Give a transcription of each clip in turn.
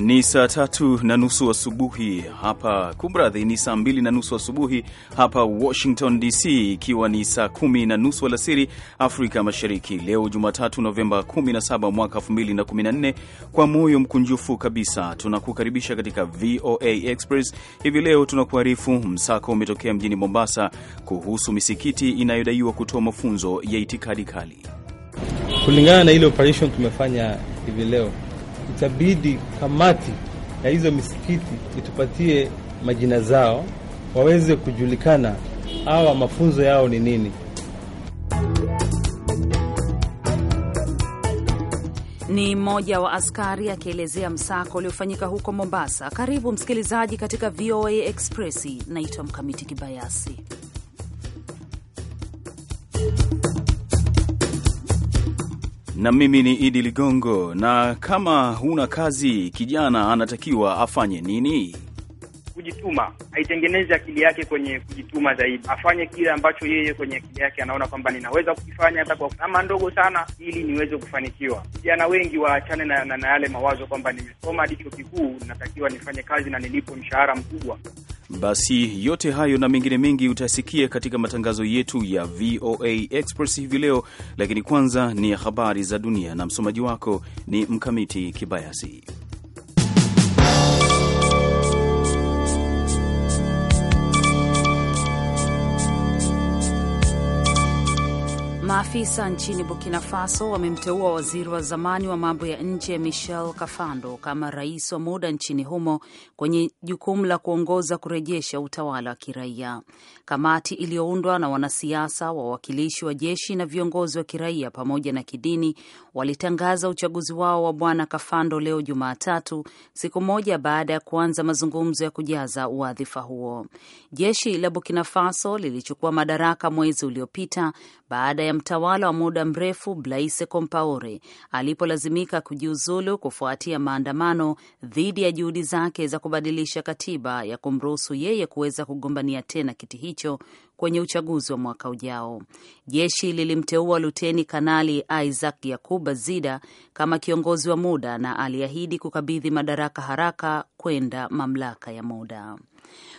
Ni saa tatu na nusu asubuhi hapa kumradhi, ni saa mbili na nusu asubuhi hapa Washington DC, ikiwa ni saa kumi na nusu alasiri Afrika Mashariki. Leo Jumatatu, Novemba 17 mwaka 2014, kwa moyo mkunjufu kabisa tunakukaribisha katika VOA Express. Hivi leo tunakuarifu msako umetokea mjini Mombasa kuhusu misikiti inayodaiwa kutoa mafunzo ya itikadi kali. Kulingana na ile operation tumefanya hivi leo itabidi kamati ya hizo misikiti itupatie majina zao waweze kujulikana, awa mafunzo yao ni nini. Ni mmoja wa askari akielezea msako uliofanyika huko Mombasa. Karibu msikilizaji katika VOA Express. Naitwa Mkamiti Kibayasi. na mimi ni Idi Ligongo. Na kama huna kazi, kijana anatakiwa afanye nini? kujituma, aitengeneze akili yake kwenye kujituma zaidi, afanye kile ambacho yeye kwenye akili yake anaona kwamba ninaweza kukifanya hata kwa kama ndogo sana, ili niweze kufanikiwa. Vijana wengi waachane na, na, na yale mawazo kwamba nimesoma hadi chuo kikuu, natakiwa nifanye kazi na nilipo mshahara mkubwa. Basi yote hayo na mengine mengi utasikia katika matangazo yetu ya VOA Express hivi leo, lakini kwanza ni habari za dunia na msomaji wako ni Mkamiti Kibayasi. Maafisa nchini Burkina Faso wamemteua waziri wa zamani wa mambo ya nje Michel Kafando kama rais wa muda nchini humo kwenye jukumu la kuongoza kurejesha utawala wa kiraia. Kamati iliyoundwa na wanasiasa, wawakilishi wa jeshi na viongozi wa kiraia pamoja na kidini walitangaza uchaguzi wao wa bwana Kafando leo Jumatatu, siku moja baada ya kuanza mazungumzo ya kujaza wadhifa huo. Jeshi la Burkina Faso lilichukua madaraka mwezi uliopita baada ya mtawala wa muda mrefu Blaise Compaore alipolazimika kujiuzulu kufuatia maandamano dhidi ya juhudi zake za kubadilisha katiba ya kumruhusu yeye kuweza kugombania tena kiti hicho kwenye uchaguzi wa mwaka ujao. Jeshi lilimteua Luteni Kanali Isaac Yakuba Zida kama kiongozi wa muda na aliahidi kukabidhi madaraka haraka kwenda mamlaka ya muda.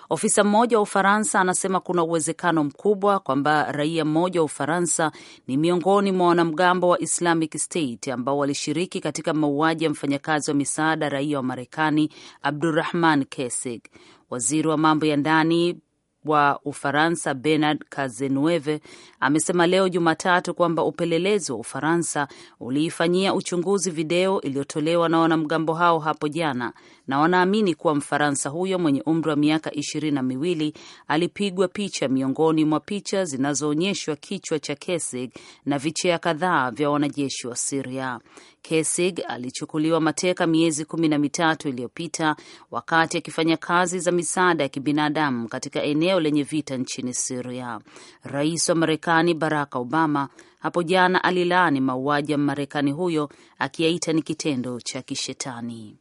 Ofisa mmoja wa Ufaransa anasema kuna uwezekano mkubwa kwamba raia mmoja wa Ufaransa ni miongoni mwa wanamgambo wa Islamic State ambao walishiriki katika mauaji ya mfanyakazi wa misaada raia wa Marekani Abdurahman Kesig. Waziri wa mambo ya ndani wa Ufaransa Bernard Cazeneuve amesema leo Jumatatu kwamba upelelezi wa Ufaransa uliifanyia uchunguzi video iliyotolewa na wanamgambo hao hapo jana, na wanaamini kuwa Mfaransa huyo mwenye umri wa miaka ishirini na miwili alipigwa picha miongoni mwa picha zinazoonyeshwa kichwa cha Kesig na vichea kadhaa vya wanajeshi wa Siria. Kesig alichukuliwa mateka miezi kumi na mitatu iliyopita wakati akifanya kazi za misaada ya kibinadamu katika eneo lenye vita nchini siria Rais wa Marekani Barack Obama hapo jana alilaani mauaji ya marekani huyo akiyaita ni kitendo cha kishetani.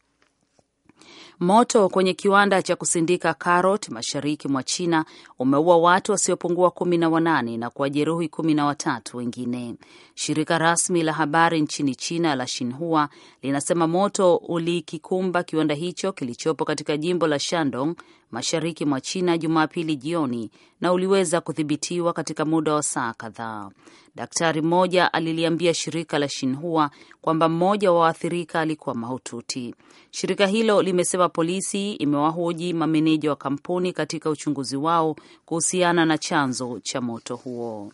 Moto kwenye kiwanda cha kusindika karot mashariki mwa China umeua watu wasiopungua kumi na wanane na kuwajeruhi kumi na watatu wengine. Shirika rasmi la habari nchini China la Shinhua linasema moto ulikikumba kiwanda hicho kilichopo katika jimbo la Shandong mashariki mwa China Jumapili jioni na uliweza kudhibitiwa katika muda wa saa kadhaa. Daktari mmoja aliliambia shirika la Shinhua kwamba mmoja wa waathirika alikuwa mahututi. Shirika hilo limesema polisi imewahoji mameneja wa kampuni katika uchunguzi wao kuhusiana na chanzo cha moto huo.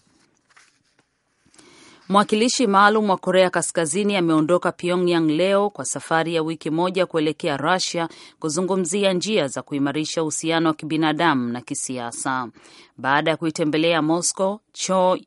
Mwakilishi maalum wa Korea Kaskazini ameondoka Pyongyang leo kwa safari ya wiki moja kuelekea Russia kuzungumzia njia za kuimarisha uhusiano wa kibinadamu na kisiasa baada ya kuitembelea Moscow. Cho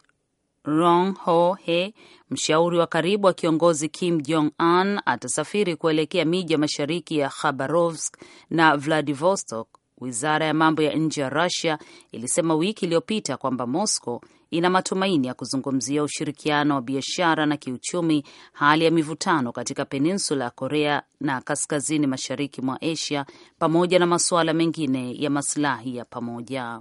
Rong Ho He, mshauri wa karibu wa kiongozi Kim Jong Un, atasafiri kuelekea miji ya mashariki ya Khabarovsk na Vladivostok. Wizara ya mambo ya nje ya Russia ilisema wiki iliyopita kwamba Moscow ina matumaini ya kuzungumzia ushirikiano wa biashara na kiuchumi, hali ya mivutano katika peninsula ya Korea na kaskazini mashariki mwa Asia, pamoja na masuala mengine ya masilahi ya pamoja.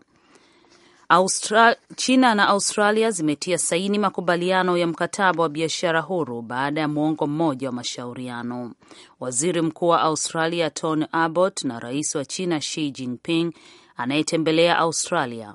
Austra... China na Australia zimetia saini makubaliano ya mkataba wa biashara huru baada ya mwongo mmoja wa mashauriano. Waziri Mkuu wa Australia Tony Abbott na Rais wa China Xi Jinping anayetembelea Australia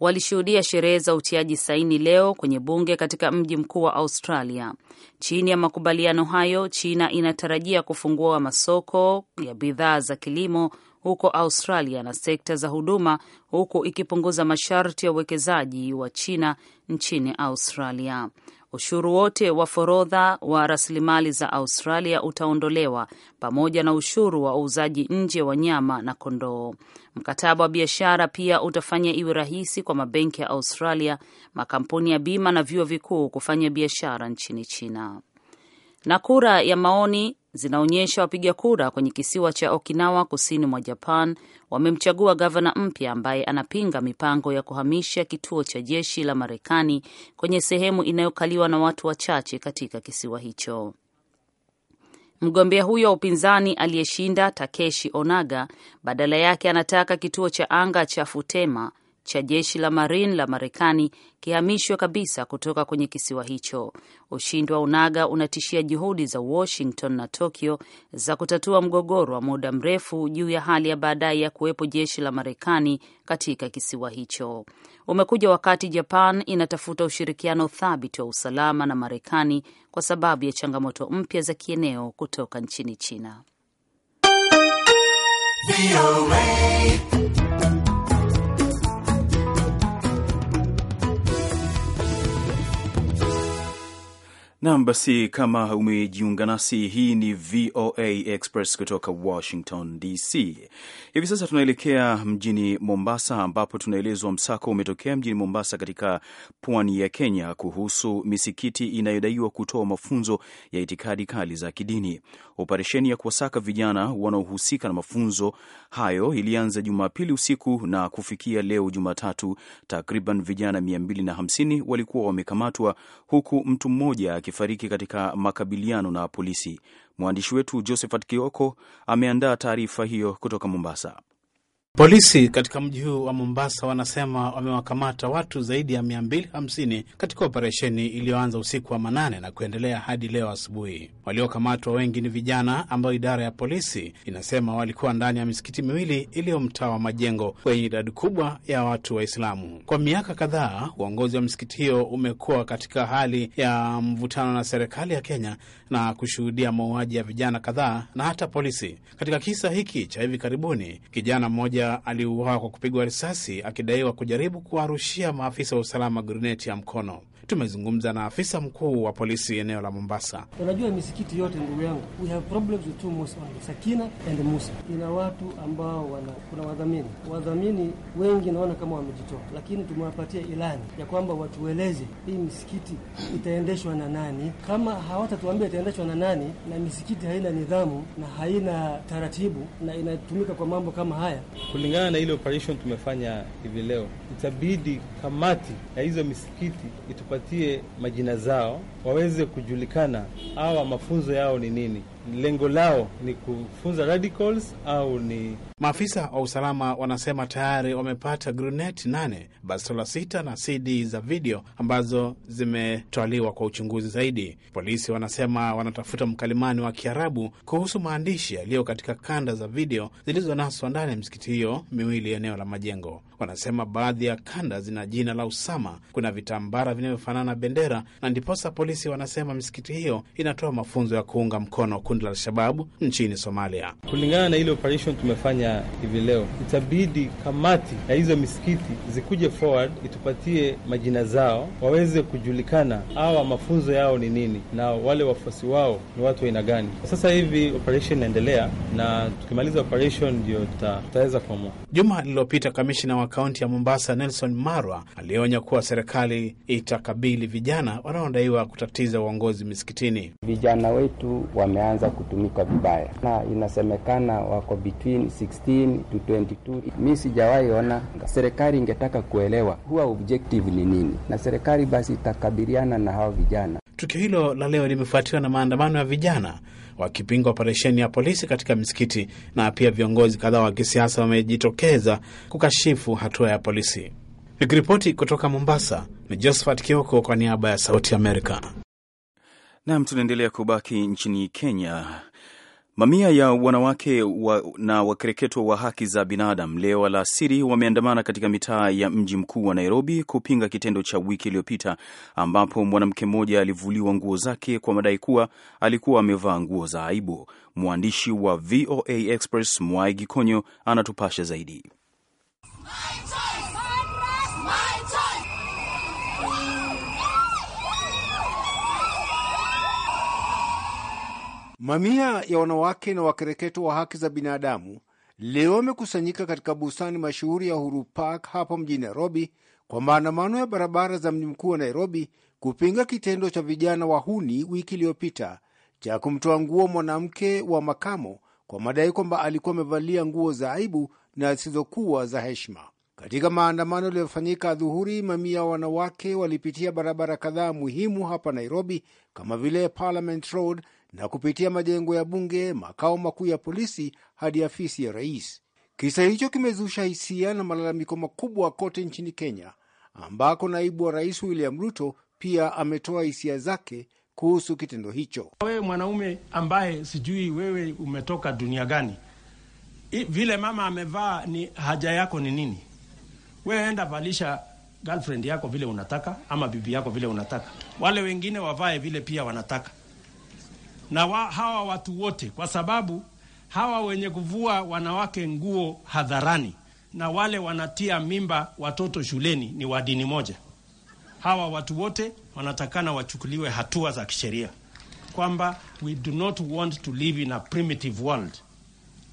walishuhudia sherehe za utiaji saini leo kwenye bunge katika mji mkuu wa Australia. Chini ya makubaliano hayo, China inatarajia kufungua masoko ya bidhaa za kilimo huko Australia na sekta za huduma, huku ikipunguza masharti ya uwekezaji wa China nchini Australia. Ushuru wote wa forodha wa rasilimali za Australia utaondolewa pamoja na ushuru wa uuzaji nje wa nyama na kondoo. Mkataba wa biashara pia utafanya iwe rahisi kwa mabenki ya Australia, makampuni ya bima na vyuo vikuu kufanya biashara nchini China. Na kura ya maoni zinaonyesha wapiga kura kwenye kisiwa cha Okinawa kusini mwa Japan wamemchagua gavana mpya ambaye anapinga mipango ya kuhamisha kituo cha jeshi la Marekani kwenye sehemu inayokaliwa na watu wachache katika kisiwa hicho. Mgombea huyo wa upinzani aliyeshinda Takeshi Onaga badala yake anataka kituo cha anga cha Futema cha jeshi la Marine la Marekani kihamishwe kabisa kutoka kwenye kisiwa hicho. Ushindi wa UNAGA unatishia juhudi za Washington na Tokyo za kutatua mgogoro wa muda mrefu juu ya hali ya baadaye ya kuwepo jeshi la Marekani katika kisiwa hicho. Umekuja wakati Japan inatafuta ushirikiano thabiti wa usalama na Marekani kwa sababu ya changamoto mpya za kieneo kutoka nchini China. Nam, basi kama umejiunga nasi, hii ni VOA Express kutoka Washington DC. Hivi sasa tunaelekea mjini Mombasa ambapo tunaelezwa msako umetokea mjini Mombasa katika pwani ya Kenya kuhusu misikiti inayodaiwa kutoa mafunzo ya itikadi kali za kidini. Operesheni ya kuwasaka vijana wanaohusika na mafunzo hayo ilianza Jumapili usiku na kufikia leo Jumatatu, takriban vijana 250 walikuwa wamekamatwa, huku mtu mmoja akifariki katika makabiliano na polisi. Mwandishi wetu Josephat Kioko ameandaa taarifa hiyo kutoka Mombasa. Polisi katika mji huu wa Mombasa wanasema wamewakamata watu zaidi ya 250 katika operesheni iliyoanza usiku wa manane na kuendelea hadi leo asubuhi. Waliokamatwa wengi ni vijana ambao idara ya polisi inasema walikuwa ndani ya misikiti miwili iliyo mtaa wa Majengo wenye idadi kubwa ya watu Waislamu. Kwa miaka kadhaa, uongozi wa misikiti hiyo umekuwa katika hali ya mvutano na serikali ya Kenya na kushuhudia mauaji ya vijana kadhaa na hata polisi. Katika kisa hiki cha hivi karibuni, kijana mmoja aliuawa kwa kupigwa risasi akidaiwa kujaribu kuwarushia maafisa wa usalama grineti ya mkono. Tumezungumza na afisa mkuu wa polisi eneo la Mombasa. Unajua, misikiti yote ndugu yangu, we have problems with two mosques, Sakina and Musa. Ina watu ambao wana kuna wadhamini, wadhamini wengi naona kama wamejitoa, lakini tumewapatia ilani ya kwamba watueleze hii misikiti itaendeshwa na nani. Kama hawatatuambia kinaendeshwa na nani, na misikiti haina nidhamu na haina taratibu na inatumika kwa mambo kama haya. Kulingana na ile operation tumefanya hivi leo, itabidi kamati ya hizo misikiti itupatie majina zao waweze kujulikana, awa mafunzo yao ni nini lengo lao ni kufunza radicals au ni. Maafisa wa usalama wanasema tayari wamepata gruneti nane, bastola sita na CD za video ambazo zimetwaliwa kwa uchunguzi zaidi. Polisi wanasema wanatafuta mkalimani wa Kiarabu kuhusu maandishi yaliyo katika kanda za video zilizonaswa ndani ya misikiti hiyo miwili eneo la majengo. Wanasema baadhi ya kanda zina jina la Usama, kuna vitambara vinavyofanana na bendera, na ndiposa polisi wanasema misikiti hiyo inatoa mafunzo ya kuunga mkono kundi la Alshababu nchini Somalia. Kulingana na ile operation tumefanya hivi leo, itabidi kamati ya hizo misikiti zikuje forward, itupatie majina zao waweze kujulikana, awa mafunzo yao ni nini na wale wafuasi wao ni watu aina gani. Sasa hivi operation inaendelea, na tukimaliza operation ndio tutaweza kuamua. Juma lililopita kamishina wa kaunti ya Mombasa, Nelson Marwa, alionya kuwa serikali itakabili vijana wanaodaiwa kutatiza uongozi misikitini. Vijana wetu wameanza kutumika vibaya, na inasemekana wako between 16 to 22. Mi sijawahi ona. Serikali ingetaka kuelewa huwa objective ni nini, na serikali basi itakabiliana na hawa vijana. Tukio hilo la leo limefuatiwa na maandamano ya vijana wakipinga operesheni ya polisi katika misikiti na pia viongozi kadhaa wa kisiasa wamejitokeza kukashifu hatua ya polisi. Nikiripoti kutoka Mombasa ni Josephat Kioko kwa niaba ya Sauti Amerika. Nam, tunaendelea kubaki nchini Kenya Mamia ya wanawake wa, na wakereketwa wa haki za binadamu leo alasiri wameandamana katika mitaa ya mji mkuu wa Nairobi kupinga kitendo cha wiki iliyopita ambapo mwanamke mmoja alivuliwa nguo zake kwa madai kuwa alikuwa amevaa nguo za aibu. Mwandishi wa VOA Express Mwai Gikonyo anatupasha zaidi. Mamia ya wanawake na wakereketo wa haki za binadamu leo wamekusanyika katika bustani mashuhuri ya Uhuru Park hapa mjini Nairobi kwa maandamano ya barabara za mji mkuu wa Nairobi kupinga kitendo cha vijana wahuni wiki iliyopita cha kumtoa nguo mwanamke wa makamo kwa madai kwamba alikuwa amevalia nguo za aibu na zisizokuwa za heshima. Katika maandamano yaliyofanyika adhuhuri, mamia ya wanawake walipitia barabara kadhaa muhimu hapa Nairobi kama vile Parliament Road na kupitia majengo ya bunge, makao makuu ya polisi hadi afisi ya rais. Kisa hicho kimezusha hisia na malalamiko makubwa kote nchini Kenya, ambako naibu wa rais William Ruto pia ametoa hisia zake kuhusu kitendo hicho. Wewe mwanaume ambaye sijui wewe umetoka dunia gani, vile mama amevaa ni haja yako ni nini? Wewe enda valisha girlfriend yako vile unataka, ama bibi yako vile unataka, wale wengine wavae vile pia wanataka na wa, hawa watu wote, kwa sababu hawa wenye kuvua wanawake nguo hadharani na wale wanatia mimba watoto shuleni ni wa dini moja. Hawa watu wote wanatakana wachukuliwe hatua za kisheria, kwamba we do not want to live in a primitive world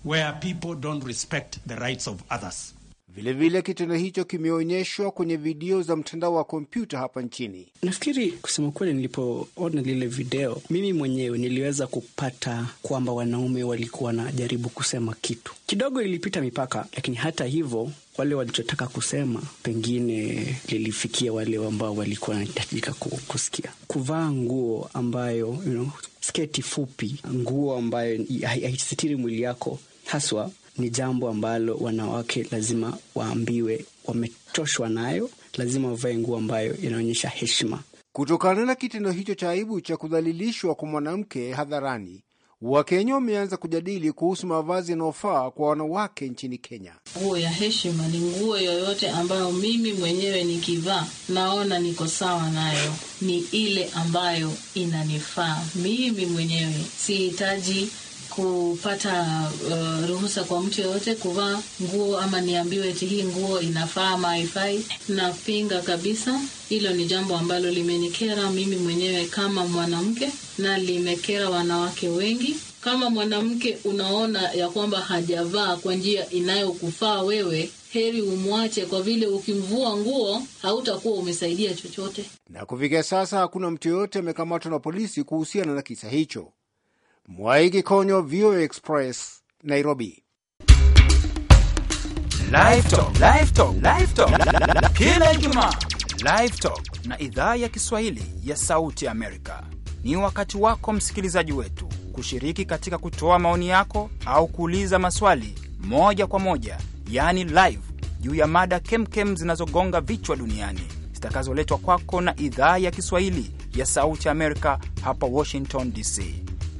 where people don't respect the rights of others. Vilevile kitendo hicho kimeonyeshwa kwenye video za mtandao wa kompyuta hapa nchini. Nafikiri kusema kweli, nilipoona lile video mimi mwenyewe niliweza kupata kwamba wanaume walikuwa wanajaribu kusema kitu kidogo, ilipita mipaka, lakini hata hivyo wale walichotaka kusema pengine lilifikia wale ambao walikuwa wanahitajika kusikia. Kuvaa nguo ambayo you know, sketi fupi, nguo ambayo haisitiri mwili yako haswa ni jambo ambalo wanawake lazima waambiwe wametoshwa nayo, lazima wavae nguo ambayo inaonyesha heshima. Kutokana na kitendo hicho cha aibu cha kudhalilishwa kwa mwanamke hadharani, Wakenya wameanza kujadili kuhusu mavazi yanayofaa kwa wanawake nchini Kenya. Nguo ya heshima ni nguo yoyote ambayo mimi mwenyewe nikivaa naona niko sawa nayo, ni ile ambayo inanifaa mimi mwenyewe. Sihitaji kupata uh, ruhusa kwa mtu yoyote kuvaa nguo ama niambiwe eti hii nguo inafaa ama haifai. Napinga kabisa. Hilo ni jambo ambalo limenikera mimi mwenyewe kama mwanamke na limekera wanawake wengi. Kama mwanamke unaona ya kwamba hajavaa kwa njia inayokufaa wewe, heri umwache, kwa vile ukimvua nguo hautakuwa umesaidia chochote. Na kufikia sasa hakuna mtu yoyote amekamatwa na polisi kuhusiana na kisa hicho. Mwai Gikonyo, VOA Express, Nairobi. kila Ijumaa. Live Talk na idhaa ya Kiswahili ya Sauti Amerika. Ni wakati wako msikilizaji wetu kushiriki katika kutoa maoni yako au kuuliza maswali moja kwa moja, yaani live, juu ya mada kemkem zinazogonga vichwa duniani zitakazoletwa kwako na idhaa ya Kiswahili ya Sauti Amerika hapa Washington DC.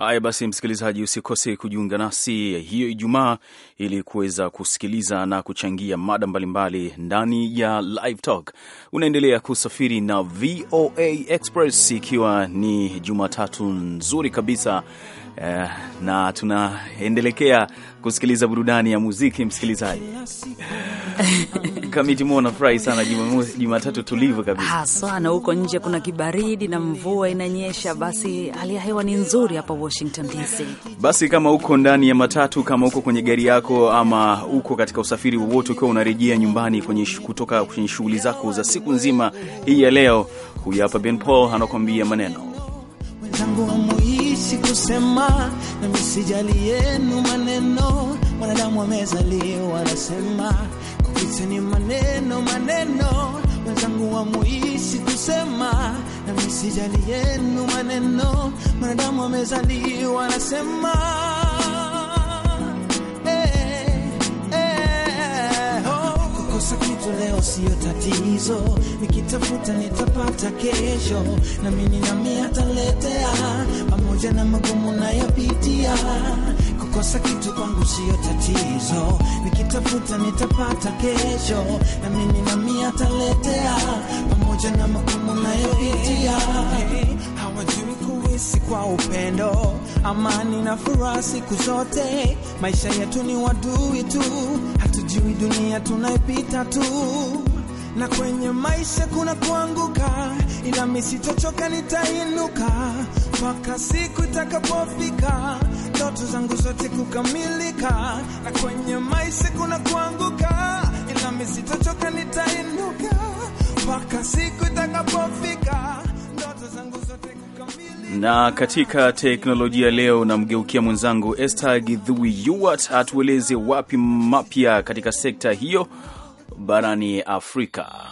Haya basi, msikilizaji, usikose kujiunga nasi hiyo Ijumaa ili kuweza kusikiliza na kuchangia mada mbalimbali ndani ya Live Talk. Unaendelea kusafiri na VOA Express, ikiwa ni Jumatatu nzuri kabisa eh, na tunaendelekea kusikiliza burudani ya muziki msikilizaji. Kamiti mo nafurahi sana Jumatatu tulivu kabisa haswa, ah, na huko nje kuna kibaridi na mvua inanyesha, basi hali ya hewa ni nzuri hapa Washington DC. Basi kama uko ndani ya matatu, kama uko kwenye gari yako, ama uko katika usafiri wowote, ukiwa unarejea nyumbani kwenye kutoka kwenye shughuli zako za siku nzima hii ya leo, huyu hapa Ben Paul anakuambia maneno rahisi kusema, na misijali yenu maneno. Mwanadamu amezaliwa anasema, kupita ni maneno maneno. Mwenzangu muisi kusema, na misijali yenu maneno. Mwanadamu amezaliwa anasema eh, eh, oh. Kitu leo siyo tatizo, nikitafuta nitapata kesho, na mimi nami ataletea pamoja na magumu nayopitia. Kukosa kitu kwangu siyo tatizo, nikitafuta nitapata kesho, na mimi nami ataletea, pamoja na magumu nayopitia. Hawajui kuwisi kwa upendo, amani na furaha siku zote. Maisha yetu ni wadui tu, hatujui dunia tunaipita tu na kwenye maisha kuna kuanguka, ila misitochoka nitainuka mpaka siku itakapofika ndoto zangu zote kukamilika, na kwenye maisha kuna kuanguka, ila mimi nitainuka mpaka siku itakapofika ndoto zangu zote kukamilika. Na katika teknolojia leo, namgeukia mwenzangu Esther Githui Yuat atueleze wapi mapya katika sekta hiyo barani Afrika.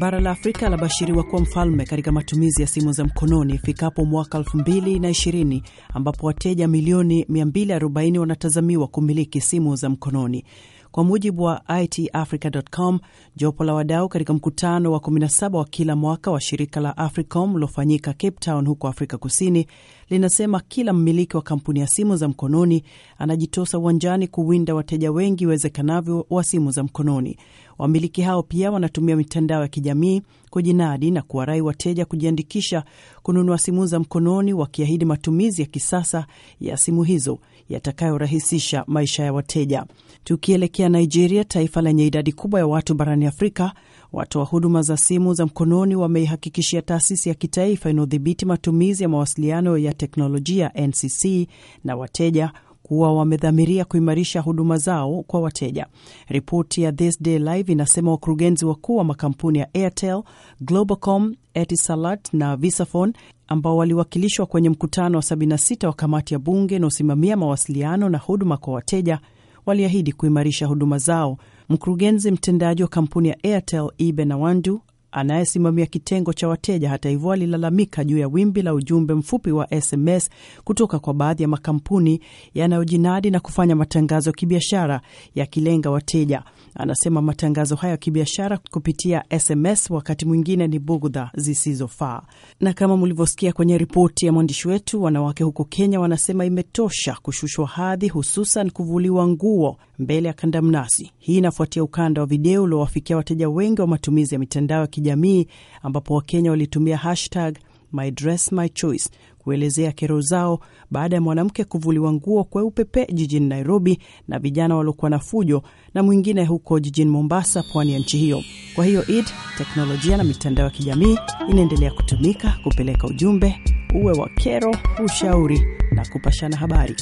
bara la Afrika labashiriwa kuwa mfalme katika matumizi ya simu za mkononi ifikapo mwaka 2020 ambapo wateja milioni 240 wanatazamiwa kumiliki simu za mkononi. Kwa mujibu wa itafrica.com, jopo la wadau katika mkutano wa 17 wa kila mwaka wa shirika la AFRICOM uliofanyika Cape Town huko Afrika Kusini linasema kila mmiliki wa kampuni ya simu za mkononi anajitosa uwanjani kuwinda wateja wengi iwezekanavyo wa simu za mkononi. Wamiliki hao pia wanatumia mitandao ya kijamii kujinadi na kuwarai wateja kujiandikisha kununua simu za mkononi, wakiahidi matumizi ya kisasa ya simu hizo yatakayorahisisha maisha ya wateja. Tukielekea Nigeria, taifa lenye idadi kubwa ya watu barani Afrika, Watoa huduma za simu za mkononi wameihakikishia taasisi ya kitaifa inayodhibiti matumizi ya mawasiliano ya teknolojia NCC na wateja kuwa wamedhamiria kuimarisha huduma zao kwa wateja. Ripoti ya This Day Live inasema wakurugenzi wakuu wa makampuni ya Airtel, Globacom, Etisalat na Visafone ambao waliwakilishwa kwenye mkutano wa 76 wa kamati ya bunge inaosimamia mawasiliano na huduma kwa wateja waliahidi kuimarisha huduma zao Mkurugenzi mtendaji wa kampuni ya Airtel Ibe Nawandu anayesimamia kitengo cha wateja, hata hivyo, alilalamika juu ya wimbi la ujumbe mfupi wa SMS kutoka kwa baadhi ya makampuni yanayojinadi na kufanya matangazo ya kibiashara yakilenga wateja. Anasema matangazo hayo ya kibiashara kupitia SMS wakati mwingine ni bugdha zisizofaa. Na kama mlivyosikia kwenye ripoti ya mwandishi wetu, wanawake huko Kenya wanasema imetosha kushushwa hadhi, hususan kuvuliwa nguo mbele ya kandamnasi. Hii inafuatia ukanda wa video uliowafikia wateja wengi wa matumizi ya mitandao ya kijamii kijamii ambapo Wakenya walitumia hashtag My Dress My Choice kuelezea kero zao baada ya mwanamke kuvuliwa nguo kweupepe jijini Nairobi na vijana waliokuwa na fujo na mwingine huko jijini Mombasa, pwani ya nchi hiyo. Kwa hiyo id teknolojia na mitandao ya kijamii inaendelea kutumika kupeleka ujumbe, uwe wa kero, ushauri na kupashana habari.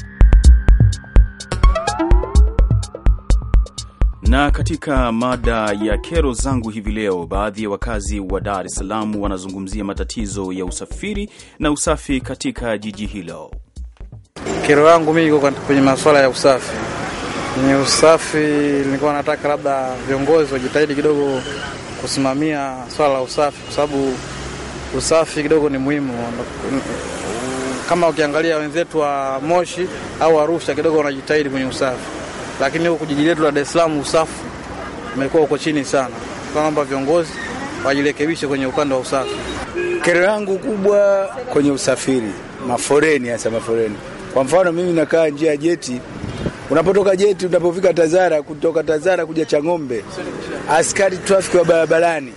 Na katika mada ya kero zangu hivi leo, baadhi ya wakazi wa Dar es Salaam wanazungumzia matatizo ya usafiri na usafi katika jiji hilo. Kero yangu mimi iko kwenye masuala ya usafi. Kwenye usafi, nilikuwa nataka labda viongozi wajitahidi kidogo kusimamia swala la usafi, kwa sababu usafi kidogo ni muhimu. Kama ukiangalia wenzetu wa Moshi au Arusha, kidogo wanajitahidi kwenye usafi lakini huku jiji letu la Dar es Salaam usafi umekuwa uko chini sana, kwamba viongozi wajirekebishe kwenye upande wa usafi. Kero yangu kubwa kwenye usafiri, maforeni, hasa maforeni. Kwa mfano mimi nakaa njia ya Jeti, unapotoka Jeti unapofika Tazara, kutoka Tazara kuja Chang'ombe, askari trafiki wa barabarani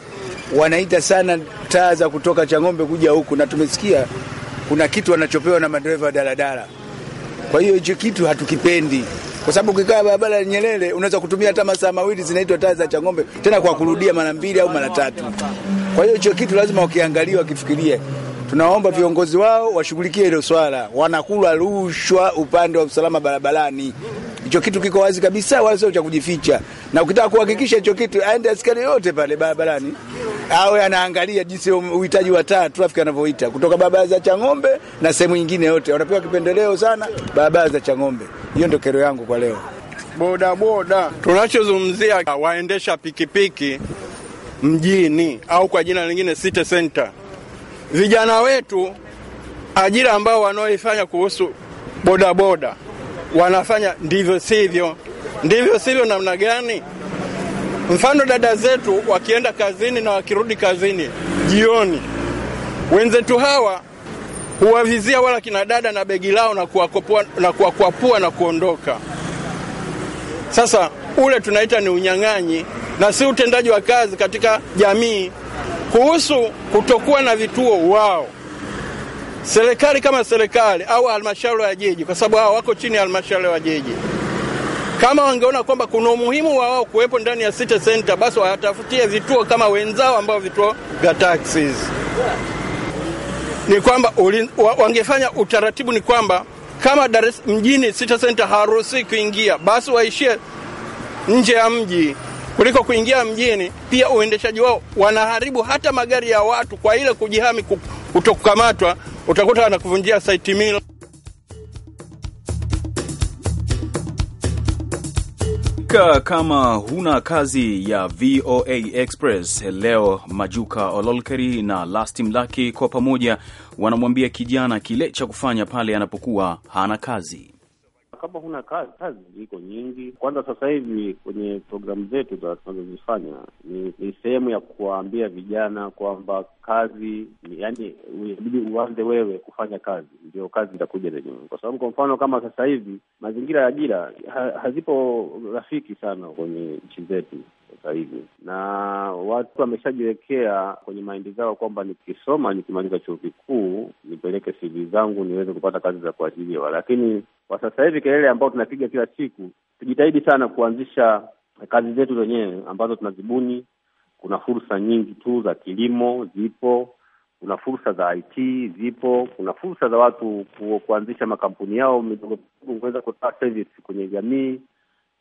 wanaita sana taa za kutoka Chang'ombe kuja huku, na tumesikia kuna kitu wanachopewa na madereva wa daladala. Kwa hiyo hicho kitu hatukipendi kwa sababu ukikaa barabara ya Nyerere unaweza kutumia hata masaa mawili, zinaitwa taa za Chang'ombe, tena kwa kurudia mara mbili au mara tatu. Kwa hiyo hicho kitu lazima wakiangalia, wakifikirie. Tunaomba viongozi wao washughulikie hilo swala, wanakula rushwa upande wa usalama barabarani. Hicho kitu kiko wazi kabisa, wala sio cha kujificha, na ukitaka kuhakikisha hicho kitu, aende askari yote pale barabarani awe anaangalia jinsi uhitaji wa taa trafiki anavyoita kutoka barabara za Chang'ombe na sehemu nyingine yote, wanapewa kipendeleo sana barabara za Chang'ombe. Hiyo ndio kero yangu kwa leo. Bodaboda tunachozungumzia waendesha pikipiki mjini au kwa jina lingine city center, vijana wetu ajira ambao wanaoifanya kuhusu bodaboda wanafanya ndivyo sivyo. Ndivyo sivyo namna gani? Mfano, dada zetu wakienda kazini na wakirudi kazini jioni, wenzetu hawa huwavizia wala kina dada na begi lao na kuwakopua na, kuwakwapua na kuondoka. Sasa ule tunaita ni unyang'anyi na si utendaji wa kazi katika jamii. Kuhusu kutokuwa na vituo wao, serikali kama serikali au halmashauri ya jiji, kwa sababu hao wako chini ya halmashauri ya jiji kama wangeona kwamba kuna umuhimu wa wao kuwepo ndani ya city center, basi watafutie vituo kama wenzao ambao vituo vya taxis. Ni kwamba wangefanya utaratibu, ni kwamba kama Dar es mjini city center haruhusi kuingia, basi waishie nje ya mji kuliko kuingia mjini. Pia uendeshaji wao wanaharibu hata magari ya watu kwa ile kujihami kutokukamatwa, utakuta wanakuvunjia site mila. Hakika kama huna kazi ya VOA Express leo, Majuka Ololkeri na Lastim Laki kwa pamoja wanamwambia kijana kile cha kufanya pale anapokuwa hana kazi kama huna kazi, kazi ziko nyingi. Kwanza sasa hivi kwenye programu zetu za tunazozifanya ni, ni sehemu ya kuwaambia vijana kwamba kazi yani inabidi uanze wewe kufanya kazi, ndio kazi itakuja zenye kwa sababu kwa mfano kama sasa hivi mazingira ya ajira ha, hazipo rafiki sana kwenye nchi zetu sasa hivi, na watu wameshajiwekea kwenye maindi zao kwamba nikisoma, nikimaliza chuo kikuu, nipeleke CV zangu niweze kupata kazi za kuajiriwa. Lakini kwa sasa hivi kelele ambao tunapiga kila siku, tujitahidi sana kuanzisha kazi zetu zenyewe ambazo tunazibuni. Kuna fursa nyingi tu za kilimo zipo, kuna fursa za IT zipo, kuna fursa za watu ku, kuanzisha makampuni yao midogo midogo kuweza kutoa service kwenye jamii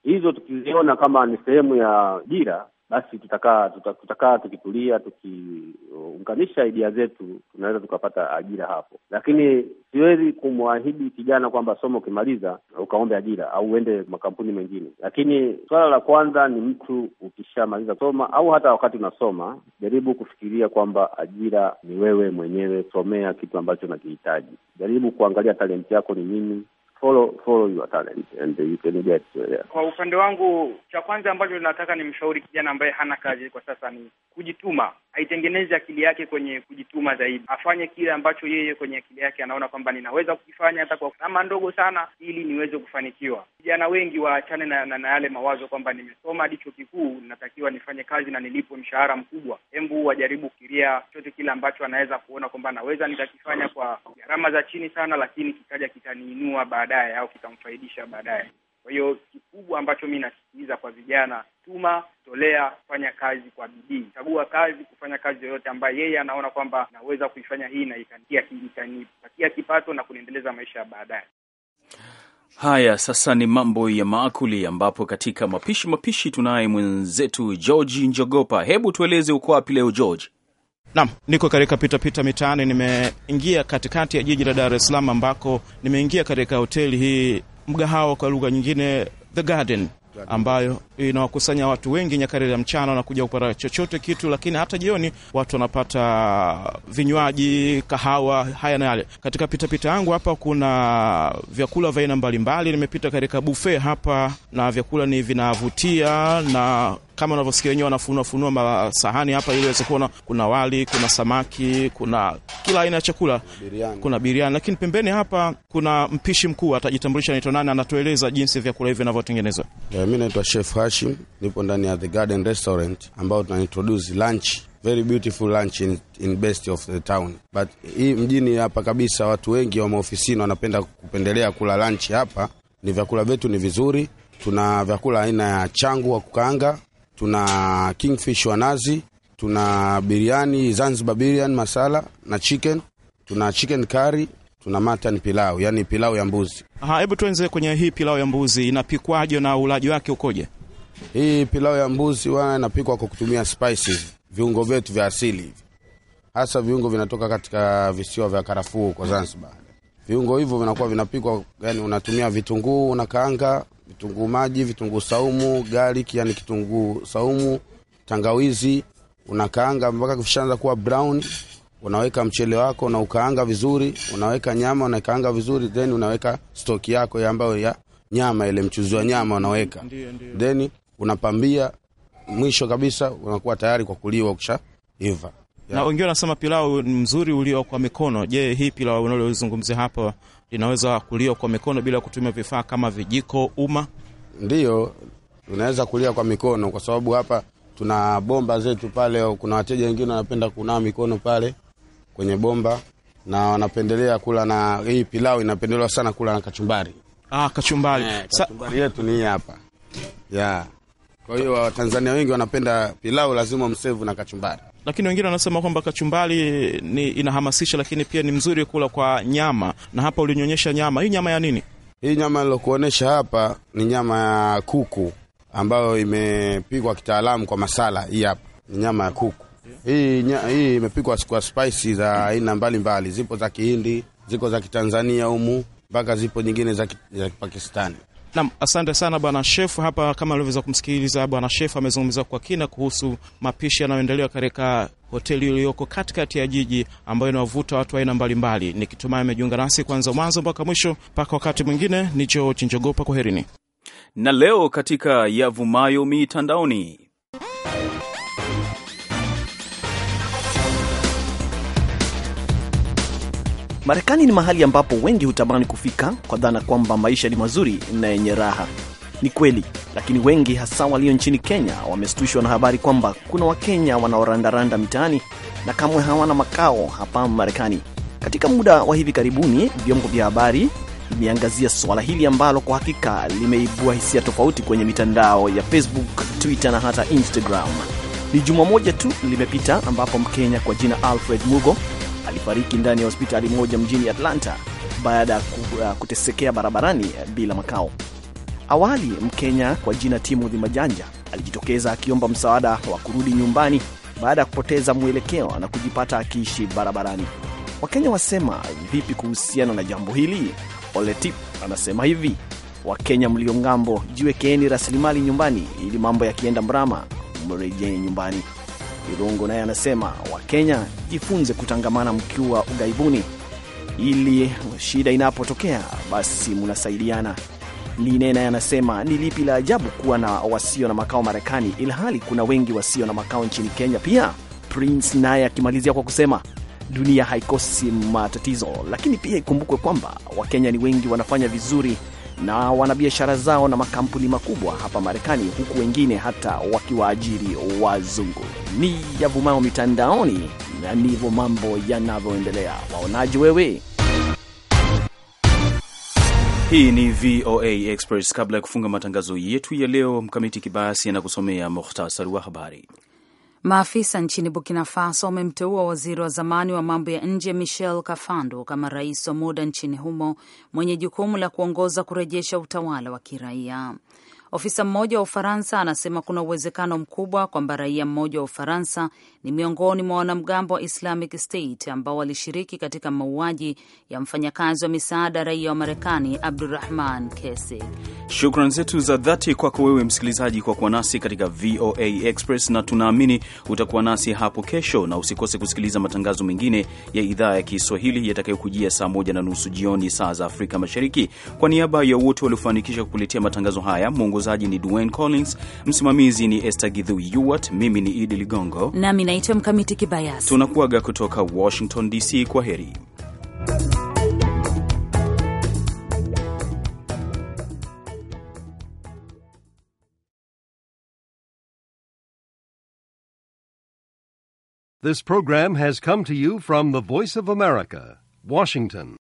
hizo tukiziona kama ni sehemu ya dira, basi tutakaa tutakaa tukitulia, tukiunganisha idea zetu, tunaweza tukapata ajira hapo. Lakini siwezi kumwahidi kijana kwamba somo ukimaliza ukaombe ajira au uende makampuni mengine. Lakini suala la kwanza ni mtu ukishamaliza kusoma au hata wakati unasoma, jaribu kufikiria kwamba ajira ni wewe mwenyewe. Somea kitu ambacho unakihitaji, jaribu kuangalia talenti yako ni nini follow follow your talent and you can get uh, yeah. Kwa upande wangu, cha kwanza ambacho nataka ni mshauri kijana ambaye hana kazi kwa sasa ni kujituma, aitengeneze akili yake kwenye kujituma zaidi, afanye kile ambacho yeye kwenye akili yake anaona kwamba ninaweza kukifanya hata kwa kama ndogo sana, ili niweze kufanikiwa. Vijana wengi waachane na, na, na yale mawazo kwamba nimesoma hadi chuo kikuu, natakiwa nifanye kazi na nilipo mshahara mkubwa. Hembu wajaribu kufikiria chote kile ambacho anaweza kuona kwamba naweza nikakifanya kwa gharama za chini sana, lakini kikaja kitaniinua baada baadaye au kitamfaidisha baadaye. Kwa hiyo kikubwa ambacho mi nasikiliza kwa vijana, tuma, tolea, kufanya kazi kwa bidii, chagua kazi, kufanya kazi yoyote ambayo yeye anaona kwamba naweza kuifanya hii na ikanipatia kipato na kuniendeleza maisha ya baadaye. Haya, sasa ni mambo ya maakuli, ambapo katika mapishi mapishi tunaye mwenzetu George Njogopa. Hebu tueleze uko wapi leo George? Naam, niko katika pitapita mitaani, nimeingia katikati ya jiji la Dar es Salaam ambako nimeingia katika hoteli hii, mgahawa kwa lugha nyingine, The Garden ambayo inawakusanya watu wengi nyakati za mchana, wanakuja kupata chochote kitu, lakini hata jioni watu wanapata vinywaji, kahawa, haya na yale. Katika pitapita yangu hapa kuna vyakula vya aina mbalimbali, nimepita katika bufe hapa na vyakula ni vinavutia na kama unavyosikia wenyewe wanafunua funua masahani hapa ili waweze kuona, kuna wali, kuna samaki, kuna kila aina ya chakula, kuna biriani. Lakini pembeni hapa kuna mpishi mkuu, atajitambulisha, anaitwa nani, anatueleza jinsi vyakula hivi vinavyotengenezwa. Yeah, mimi naitwa chef Hashim, nipo ndani ya The Garden Restaurant ambao tuna introduce lunch very beautiful lunch in, in best of the town but hii mjini hapa kabisa, watu wengi wa maofisini wanapenda kupendelea kula lunch hapa. Ni vyakula vyetu ni vizuri, tuna vyakula aina ya changu wa kukaanga, tuna kingfish wa nazi, tuna biriani Zanzibar biriani masala na chicken, tuna chicken curry tuna mutton pilau, yani pilau ya mbuzi. Aha, Hebu tuenze kwenye hii pilau ya mbuzi, inapikwaje na ulaji wake ukoje? Hii pilau ya mbuzi wana inapikwa kwa kutumia spices, viungo vyetu vya asili hivi. Hasa viungo vinatoka katika visiwa vya karafuu kwa Zanzibar. Viungo hivyo vinakuwa vinapikwa, yani unatumia vitunguu, unakaanga vitunguu maji, vitunguu saumu, garlic, yani kitunguu saumu, tangawizi, unakaanga mpaka kishaanza kuwa brown, unaweka mchele wako na ukaanga vizuri, unaweka nyama unakaanga vizuri, then unaweka stoki yako ya ambayo ya nyama ile mchuzi wa nyama unaweka, ndiyo, ndiyo. then unapambia, mwisho kabisa unakuwa tayari kwa kuliwa ukishaiva. Na wengine wanasema pilau ni mzuri ulio kwa mikono. Je, hii pilau unalozungumzia hapa linaweza kuliwa kwa mikono bila kutumia vifaa kama vijiko, uma? Ndiyo, unaweza kulia kwa mikono kwa sababu hapa tuna bomba zetu pale. Kuna wateja wengine wanapenda kunawa mikono pale kwenye bomba na wanapendelea kula na hii pilau inapendelewa sana kula na kachumbari. Ah, kachumbari. Eh, kachumbari Sa yetu ni hapa yeah. Kwa hiyo Watanzania wengi wanapenda pilau, lazima msevu na kachumbari. Lakini wengine wanasema kwamba kachumbari ni inahamasisha, lakini pia ni mzuri kula kwa nyama, na hapa ulinyonyesha nyama hii. Nyama ya nini hii? Nyama nilokuonyesha hapa ni nyama ya kuku ambayo imepikwa kitaalamu kwa masala. Hii hapa ni nyama ya kuku hii, hii imepikwa kwa spices za aina mbalimbali, zipo za Kihindi, ziko za Kitanzania humu mpaka zipo nyingine za Pakistani. Nam, asante sana bwana Shefu. Hapa kama alivyoweza kumsikiliza bwana Shefu, amezungumza kwa kina kuhusu mapishi yanayoendelewa katika hoteli iliyoko katikati ya jiji ambayo inawavuta watu aina mbalimbali. Nikitumai amejiunga nasi kwanza mwanzo mpaka mwisho. Mpaka wakati mwingine, ni chinjogopa Njogopa, kwaherini. Na leo katika yavumayo mitandaoni Marekani ni mahali ambapo wengi hutamani kufika kwa dhana kwamba maisha ni mazuri na yenye raha. Ni kweli, lakini wengi hasa walio nchini Kenya wameshtushwa na habari kwamba kuna Wakenya wanaorandaranda mitaani na kamwe hawana makao hapa Marekani. Katika muda wa hivi karibuni, vyombo vya habari vimeangazia suala hili ambalo kwa hakika limeibua hisia tofauti kwenye mitandao ya Facebook, Twitter na hata Instagram. Ni juma moja tu limepita ambapo Mkenya kwa jina Alfred Mugo alifariki ndani ya hospitali moja mjini Atlanta baada ya kutesekea barabarani bila makao. Awali Mkenya kwa jina Timothy Majanja alijitokeza akiomba msaada wa kurudi nyumbani baada ya kupoteza mwelekeo na kujipata akiishi barabarani. Wakenya wasema vipi kuhusiana na jambo hili? Oletip anasema hivi: Wakenya mlio ng'ambo, jiwekeeni rasilimali nyumbani ili mambo yakienda mrama mrejee nyumbani. Irungu naye anasema Wakenya jifunze kutangamana mkiwa ugaibuni, ili shida inapotokea basi mnasaidiana. Nine naye anasema ni lipi la ajabu kuwa na wasio na makao Marekani ilhali kuna wengi wasio na makao nchini Kenya pia. Prince naye akimalizia kwa kusema dunia haikosi matatizo, lakini pia ikumbukwe kwamba Wakenya ni wengi, wanafanya vizuri na wanabiashara zao na makampuni makubwa hapa Marekani, huku wengine hata wakiwaajiri wazungu. Ni yavumao mitandaoni, na ndivyo mambo yanavyoendelea. Waonaje wewe? Hii ni VOA Express. Kabla ya kufunga matangazo yetu ya leo, Mkamiti Kibayasi anakusomea muhtasari wa habari. Maafisa nchini Burkina Faso wamemteua waziri wa zamani wa mambo ya nje Michel Kafando kama rais wa muda nchini humo mwenye jukumu la kuongoza kurejesha utawala wa kiraia. Ofisa mmoja wa Ufaransa anasema kuna uwezekano mkubwa kwamba raia mmoja wa Ufaransa ni miongoni mwa wanamgambo wa Islamic State ambao walishiriki katika mauaji ya mfanyakazi wa misaada raia wa Marekani Abdurahman Kese. Shukran zetu za dhati kwako wewe msikilizaji kwa kuwa nasi katika VOA Express, na tunaamini utakuwa nasi hapo kesho, na usikose kusikiliza matangazo mengine ya idhaa ya Kiswahili yatakayokujia saa moja na nusu jioni saa za Afrika Mashariki. Kwa niaba ya wote waliofanikisha kukuletea matangazo haya Mungu mwongozaji ni Dwayne Collins, msimamizi ni Esther Githu Yuwat, mimi ni Idi Ligongo nami naitwa Mkamiti Kibayasi. Tunakuaga kutoka Washington DC. Kwa heri. This program has come to you from the Voice of America, Washington.